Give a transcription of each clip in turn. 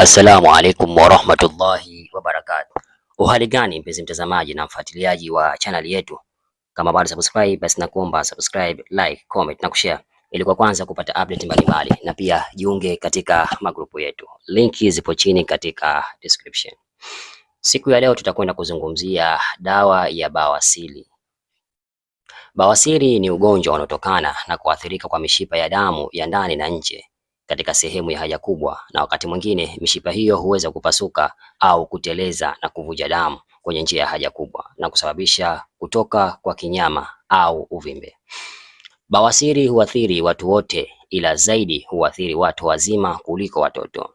Assalamu alaikum warahmatullahi wabarakatuh. Uhali gani mpenzi mtazamaji na mfuatiliaji wa channel yetu, kama bado subscribe, basi nakuomba subscribe, like, comment na kushare ili kwa kwanza kupata update mbalimbali, na pia jiunge katika magrupu yetu, linki zipo chini katika description. Siku ya leo tutakwenda kuzungumzia dawa ya bawasiri. Bawasiri ni ugonjwa unaotokana na kuathirika kwa mishipa ya damu ya ndani na nje katika sehemu ya haja kubwa, na wakati mwingine mishipa hiyo huweza kupasuka au kuteleza na kuvuja damu kwenye njia ya haja kubwa na kusababisha kutoka kwa kinyama au uvimbe. Bawasiri huathiri watu wote, ila zaidi huathiri watu wazima kuliko watoto,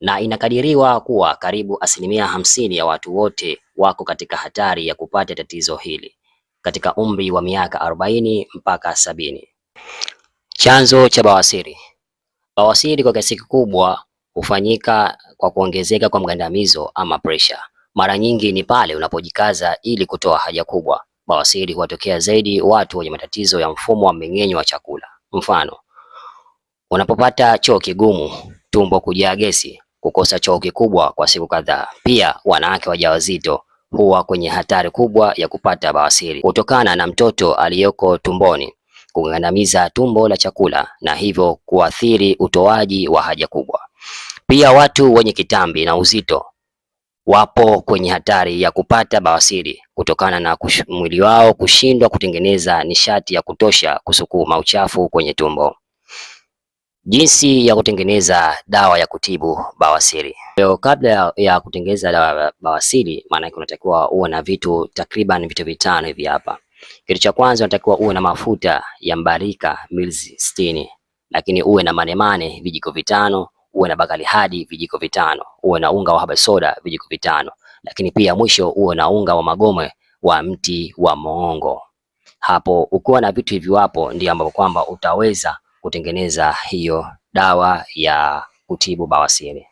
na inakadiriwa kuwa karibu asilimia hamsini ya watu wote wako katika hatari ya kupata tatizo hili katika umri wa miaka arobaini mpaka sabini. Chanzo cha bawasiri Bawasiri kwa kiasi kikubwa hufanyika kwa kuongezeka kwa mgandamizo ama pressure. Mara nyingi ni pale unapojikaza ili kutoa haja kubwa. Bawasiri huwatokea zaidi watu wenye matatizo ya mfumo wa mmeng'enyo wa chakula. Mfano, unapopata choo kigumu, tumbo kujaa gesi, kukosa choo kikubwa kwa siku kadhaa. Pia wanawake wajawazito huwa kwenye hatari kubwa ya kupata bawasiri kutokana na mtoto aliyoko tumboni kugandamiza tumbo la chakula na hivyo kuathiri utoaji wa haja kubwa. Pia watu wenye kitambi na uzito wapo kwenye hatari ya kupata bawasiri kutokana na kush, mwili wao kushindwa kutengeneza nishati ya kutosha kusukuma uchafu kwenye tumbo. Jinsi ya kutengeneza dawa ya kutibu bawasiri. Leo kabla ya kutengeneza dawa ya bawasiri, maanake unatakiwa uwe na vitu takriban vitu vitano hivi hapa. Kitu cha kwanza unatakiwa uwe na mafuta ya mbarika milzi sitini, lakini uwe na manemane vijiko vitano, uwe na bakari hadi vijiko vitano, uwe na unga wa soda vijiko vitano, lakini pia mwisho uwe na unga wa magome wa mti wa mongo. Hapo ukiwa na vitu hivyo, hapo ndio ambapo kwamba utaweza kutengeneza hiyo dawa ya kutibu bawasiri.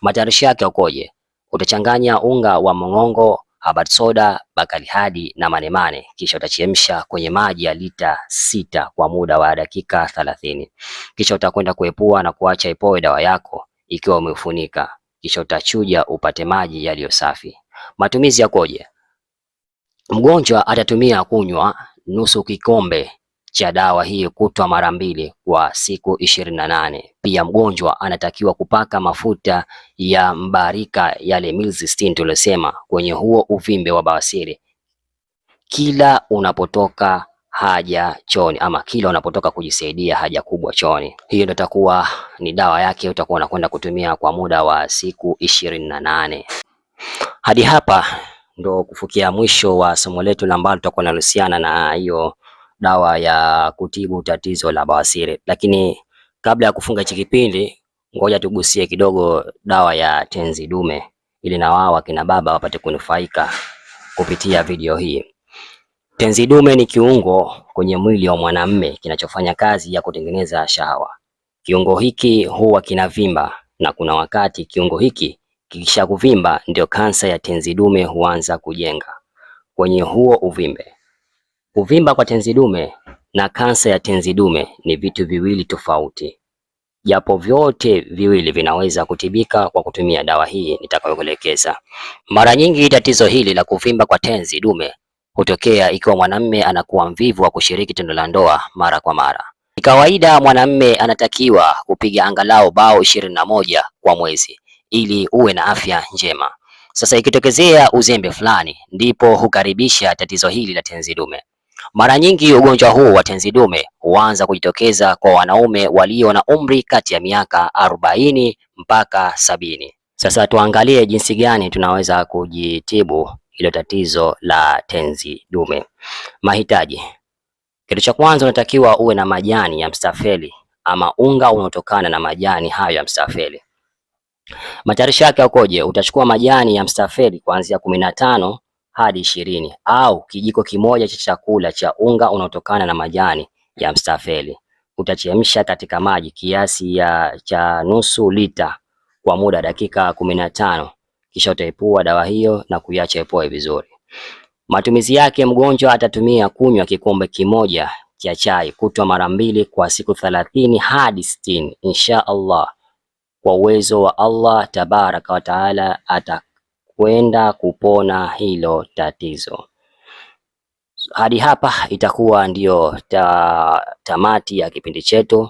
Matayarisho yake ukoje? Utachanganya unga wa mong'ongo Habari soda, Bakari hadi na manemane, kisha utachemsha kwenye maji ya lita sita kwa muda wa dakika thelathini. Kisha utakwenda kuepua na kuacha ipoe dawa yako ikiwa umeufunika, kisha utachuja upate maji yaliyo safi. Matumizi yakoje? Mgonjwa atatumia kunywa nusu kikombe cha dawa hii kutwa mara mbili kwa siku ishirini na nane. Pia mgonjwa anatakiwa kupaka mafuta ya mbarika yale milzi sitini tuliosema kwenye huo uvimbe wa bawasiri kila unapotoka haja choni ama kila unapotoka kujisaidia haja kubwa choni Hiyo ndio itakuwa ni dawa yake, utakuwa unakwenda kutumia kwa muda wa siku ishirini na nane. Hadi hapa ndo kufikia mwisho wa somo letu ambalo tutakuwa linahusiana na hiyo dawa ya kutibu tatizo la bawasiri. Lakini kabla ya kufunga hichi kipindi, ngoja tugusie kidogo dawa ya tenzi dume, ili na wao akina baba wapate kunufaika kupitia video hii. Tenzi dume ni kiungo kwenye mwili wa mwanamme kinachofanya kazi ya kutengeneza shahawa. Kiungo hiki huwa kinavimba na kuna wakati kiungo hiki kikisha kuvimba, ndio kansa ya tenzi dume huanza kujenga kwenye huo uvimbe. Kuvimba kwa tenzi dume na kansa ya tenzi dume ni vitu viwili tofauti, japo vyote viwili vinaweza kutibika kwa kutumia dawa hii nitakayokuelekeza. Mara nyingi tatizo hili la kuvimba kwa tenzi dume hutokea ikiwa mwanamme anakuwa mvivu wa kushiriki tendo la ndoa mara kwa mara. Ni kawaida mwanamme anatakiwa kupiga angalau bao ishirini na moja kwa mwezi ili uwe na afya njema. Sasa ikitokezea uzembe fulani, ndipo hukaribisha tatizo hili la tenzi dume. Mara nyingi ugonjwa huu wa tenzi dume huanza kujitokeza kwa wanaume walio na umri kati ya miaka arobaini mpaka sabini. Sasa tuangalie jinsi gani tunaweza kujitibu ilo tatizo la tenzi dume. Mahitaji: kitu cha kwanza unatakiwa uwe na majani ya mstafeli ama unga unaotokana na majani hayo ya mstafeli. Matayarisho yake ukoje? Utachukua majani ya mstafeli kuanzia kumi na tano hadi ishirini au kijiko kimoja cha chakula cha unga unaotokana na majani ya mstafeli. Utachemsha katika maji kiasi ya cha nusu lita kwa muda dakika kumi na tano kisha utaipua dawa hiyo na kuiacha ipoe vizuri. Matumizi yake, mgonjwa atatumia kunywa kikombe kimoja cha chai kutwa mara mbili kwa siku thelathini hadi sitini. Insha Allah, kwa uwezo wa Allah tabaraka wa taala ata kwenda kupona hilo tatizo. Hadi hapa itakuwa ndiyo ta, tamati ya kipindi chetu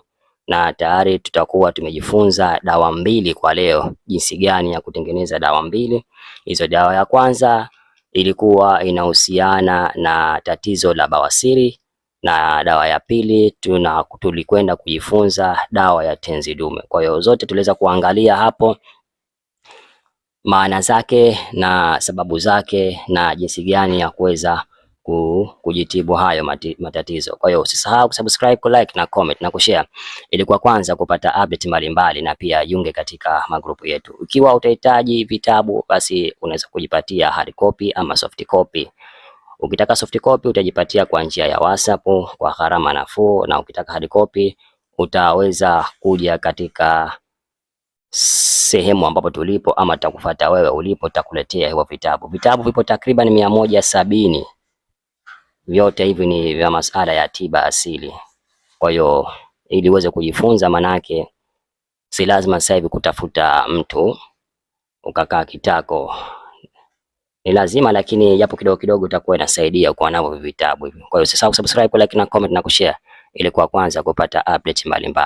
na tayari tutakuwa tumejifunza dawa mbili kwa leo, jinsi gani ya kutengeneza dawa mbili hizo. Dawa ya kwanza ilikuwa inahusiana na tatizo la bawasiri na dawa ya pili tuna tulikwenda kujifunza dawa ya tenzi dume. Kwa hiyo zote tuliweza kuangalia hapo maana zake na sababu zake na jinsi gani ya kuweza kujitibu hayo mati, matatizo. Kwa hiyo usisahau kusubscribe, like na comment na kushare ili kwa kwanza kupata update mbalimbali, na pia jiunge katika magrupu yetu. Ikiwa utahitaji vitabu, basi unaweza kujipatia hard copy ama soft copy. Ukitaka soft copy utajipatia kwa njia ya WhatsApp kwa gharama nafuu, na ukitaka hard copy utaweza kuja katika sehemu ambapo tulipo ama takufata wewe ulipo, takuletea hivyo vitabu. Vitabu vipo takriban mia moja sabini, vyote hivi ni vya masala ya tiba asili. Kwa hiyo ili uweze kujifunza, manake si lazima sasa hivi kutafuta mtu ukakaa kitako, ni lazima lakini, japo kidogo kidogo itakuwa inasaidia kwa navyo vitabu hivi. Kwa hiyo usisahau subscribe, like na comment na kushare, ili kwa kwanza kupata update mbalimbali.